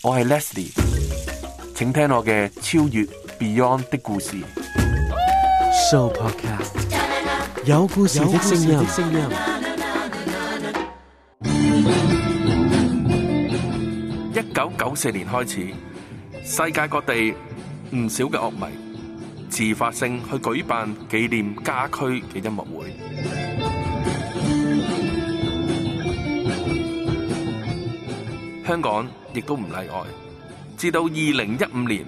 我係 Leslie，請聽我嘅超越 Beyond 的故事。Show podcast 有故事的聲音。一九九四年開始，世界各地唔少嘅樂迷自發性去舉辦紀念家駒嘅音樂會。香港。亦都唔例外。至到二零一五年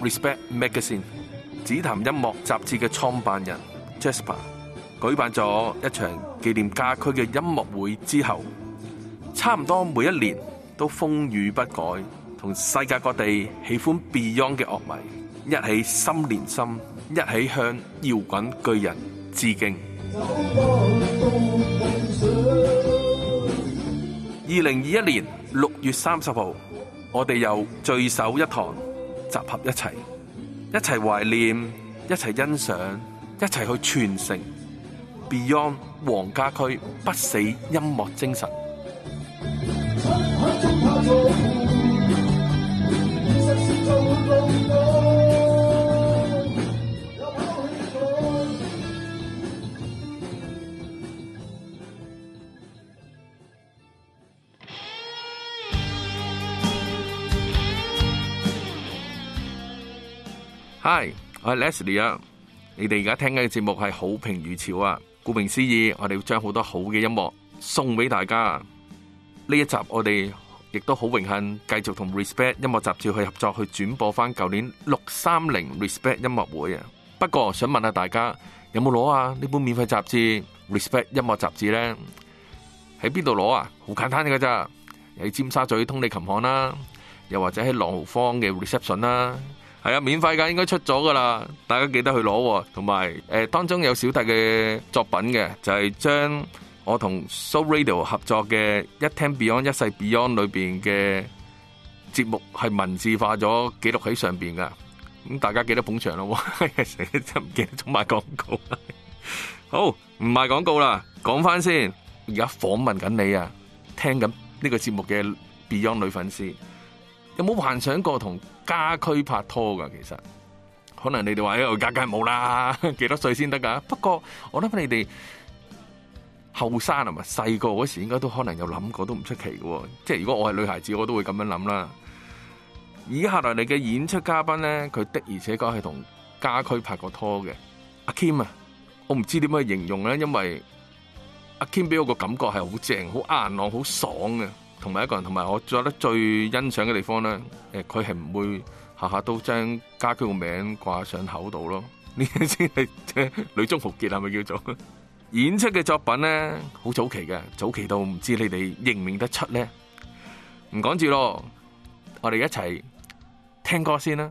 ，Respect Magazine《紫檀音樂雜誌》嘅創辦人 Jasper 舉辦咗一場紀念家駒嘅音樂會之後，差唔多每一年都風雨不改，同世界各地喜歡 Beyond 嘅樂迷一起心連心，一起向搖滾巨人致敬。二零二一年。六月三十號我哋又聚首一堂，集合一齊，一齊懷念，一齊欣賞，一齊去傳承 Beyond 黃家駒不死音樂精神。Hi，我係 Leslie 啊！你哋而家聽緊嘅節目係好評如潮啊！顧名思義，我哋會將好多好嘅音樂送俾大家。呢一集我哋亦都好榮幸繼續同 Respect 音樂雜誌去合作，去轉播翻舊年六三零 Respect 音樂會啊！不過想問下大家有冇攞啊？呢本免費雜誌 Respect 音樂雜誌呢？喺邊度攞啊？好簡單嘅咋，喺尖沙咀通利琴行啦，又或者喺朗豪坊嘅 reception 啦。係啊，免費噶應該出咗噶啦，大家記得去攞。同埋誒當中有小弟嘅作品嘅，就係將我同 Soul Radio 合作嘅《一聽 Beyond 一世 Beyond》裏邊嘅節目係文字化咗記錄喺上邊噶。咁大家記得捧場咯，成日真唔記得賣埋廣告。好，唔賣廣告啦，講翻先。而家訪問緊你啊，聽緊呢個節目嘅 Beyond 女粉絲。有冇幻想過同家駒拍拖噶？其實可能你哋話喺度家家冇啦，幾多歲先得噶？不過我諗你哋後生係咪？細個嗰時候應該都可能有諗過，都唔出奇嘅。即係如果我係女孩子，我都會咁樣諗啦。以下來你嘅演出嘉賓咧，佢的而且確係同家駒拍過拖嘅。阿 Kim 啊，我唔知點樣形容咧，因為阿 Kim 俾我個感覺係好正、好硬朗、好爽嘅。同埋一個人，同埋我覺得最欣賞嘅地方咧，誒佢係唔會下下都將家駒個名掛上口度咯。呢啲先係女中豪傑係咪叫做？演出嘅作品咧，好早期嘅，早期到唔知你哋認唔認得出咧。唔講住咯，我哋一齊聽歌先啦。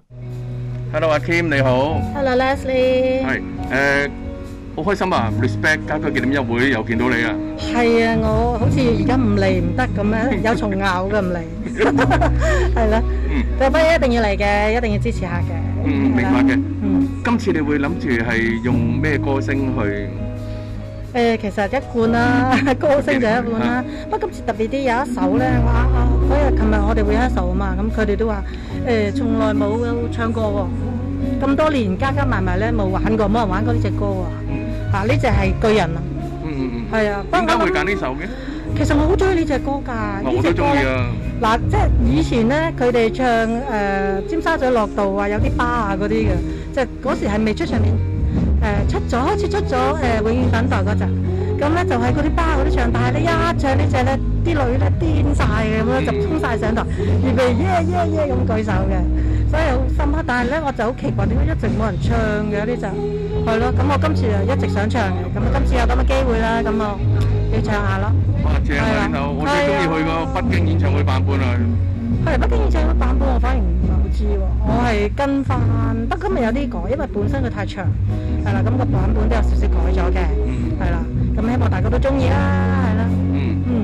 Hello，阿 Kim 你好。Hello，Leslie。係誒。好開心啊！respect，加多幾點一會又見到你啊！係啊，我好似而家唔嚟唔得咁樣，有蟲咬嘅唔嚟，係咯。嗯，不過一定要嚟嘅，一定要支持下嘅。嗯，明白嘅。嗯，今次你會諗住係用咩歌聲去？誒，其實一貫啦，歌聲就一貫啦。不過今次特別啲有一首咧，我我嗰日琴日我哋會一首啊嘛，咁佢哋都話誒，從來冇唱過喎，咁多年加加埋埋咧冇玩過，冇人玩過呢隻歌喎。嗱呢隻係巨人啊，嗯嗯嗯，係啊，點解會揀呢首嘅？其實我好中意呢隻歌㗎，我都中意啊。嗱，即係以前咧，佢哋唱誒《尖沙咀樂道》啊有啲巴啊嗰啲嘅，即係嗰時係未出場，誒出咗好似出咗誒《永遠等待》嗰隻，咁咧就係嗰啲巴嗰啲唱，但係咧一唱呢隻咧，啲女咧癲曬嘅咁咯，就衝曬上台，預備耶耶耶咁舉手嘅。所以好深刻，但係咧我就好奇怪，點解一直冇人唱嘅呢？就係咯，咁我今次就一直想唱嘅，咁啊今次有咁嘅機會啦，咁咯，你唱下啦。哇！謝霆鋒，我最中意佢個北京演唱會版本啊！係北京演唱會版本我反而唔係好知喎，我係跟翻，不過今日有啲改，因為本身佢太長，係啦，咁個版本都有少少改咗嘅，係啦，咁希望大家都中意啦。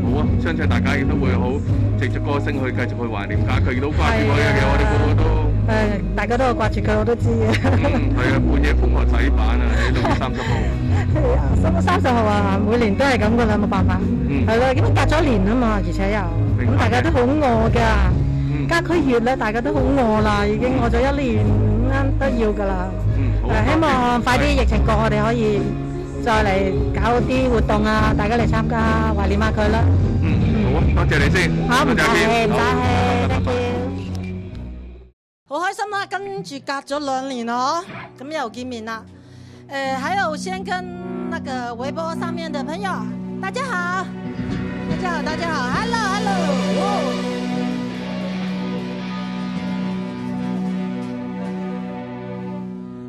好啊！相信大家亦都會好，藉著歌聲去繼續去懷念家。佢亦都掛住佢嘅嘢，我哋個個都誒，大家都好掛住佢，我都知嘅。嗯，係啊，半夜捧個底板啊，喺度三十號。係啊，三三十號啊，每年都係咁噶啦，冇辦法。嗯。係咯，咁隔咗年啊嘛，而且又咁大家都好餓㗎。嗯。家區月啦，大家都好餓啦，已經餓咗一年啱都要㗎啦。嗯。誒，希望快啲疫情過，我哋可以。再嚟搞啲活動啊！大家嚟參加，懷念下佢啦。嗯，好啊，多謝你先。唔使謝，唔使謝，再見，拜拜。好開心啦！跟住隔咗兩年咯，咁又見面啦。誒，還有先跟那個微博上面的朋友，大家好，大家好，大家好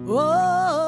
，Hello，Hello。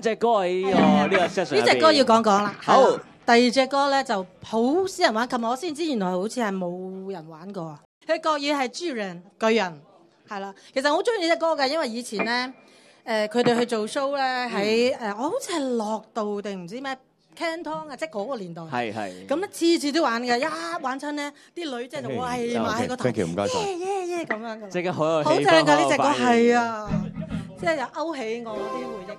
隻歌，喺呢個隻歌要講講啦。好，第二隻歌咧就好少人玩，琴日我先知，原來好似係冇人玩過。佢國語係巨人，巨人係啦。其實我好中意呢隻歌嘅，因為以前咧誒佢哋去做 show 咧喺誒，我好似係樂道定唔知咩 Canton 啊，即係嗰個年代。係係。咁次次都玩嘅，一玩親咧啲女即係就跪埋喺個頭。天唔該耶耶耶咁樣即係好好正㗎，呢隻歌係啊，即係又勾起我啲回憶。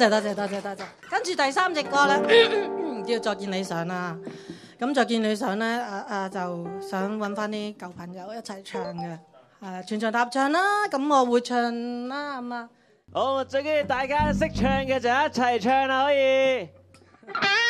多謝多謝多謝多謝，謝，謝，謝，謝，跟住第三隻歌啦咳咳，叫《再見理想》啦。咁《再見理想》咧，啊啊就想搵返啲舊朋友一齊唱嘅，啊全場搭唱啦，咁我會唱啦咁啊。好，最緊要大家識唱嘅就一齊唱啦，可以。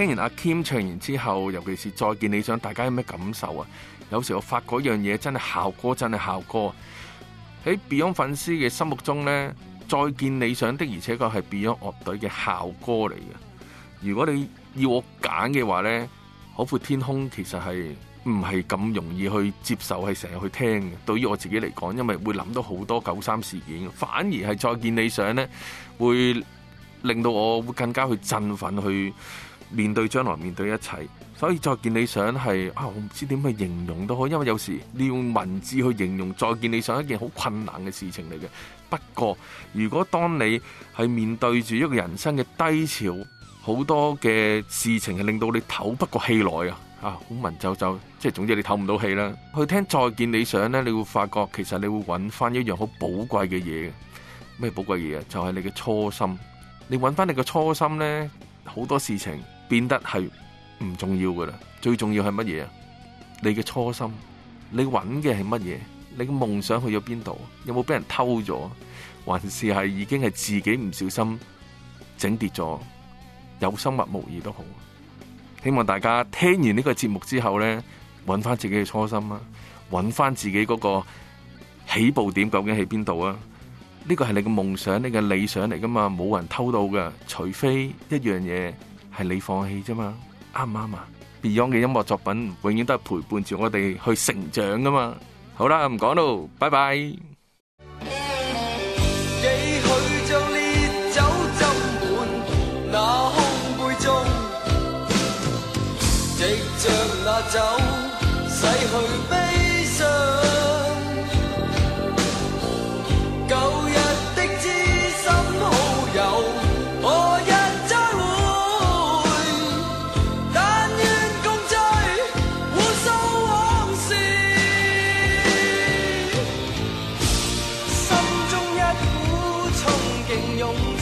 聽完阿 Kim 唱完之後，尤其是再《再見理想》，大家有咩感受啊？有時我發覺樣嘢真係校歌，真係校歌。喺 Beyond 粉絲嘅心目中咧，《再見理想》的而且確係 Beyond 樂隊嘅校歌嚟嘅。如果你要我揀嘅話咧，《海闊天空》其實係唔係咁容易去接受，係成日去聽嘅。對於我自己嚟講，因為會諗到好多九三事件，反而係《再見理想》咧會令到我會更加去振奮去。面對將來，面對一切，所以《再見理想》係啊，我唔知點去形容都好，因為有時你用文字去形容《再見理想》一件好困難嘅事情嚟嘅。不過，如果當你係面對住一個人生嘅低潮，好多嘅事情係令到你唞不過氣來啊，啊，好文縐縐，即係總之你唞唔到氣啦。去聽《再見理想》咧，你會發覺其實你會揾翻一樣好寶貴嘅嘢，咩寶貴嘢啊？就係你嘅初心。你揾翻你嘅初心咧，好多事情。變得係唔重要噶啦，最重要係乜嘢啊？你嘅初心，你揾嘅係乜嘢？你嘅夢想去咗邊度？有冇俾人偷咗？還是係已經係自己唔小心整跌咗？有心勿無意都好。希望大家聽完呢個節目之後咧，揾翻自己嘅初心啦，揾翻自己嗰個起步點究竟喺邊度啊？呢個係你嘅夢想，你嘅理想嚟噶嘛，冇人偷到嘅，除非一樣嘢。係你放棄啫嘛，啱唔啱啊？Beyond 嘅音樂作品永遠都係陪伴住我哋去成長噶嘛。好啦，唔講咯，拜拜。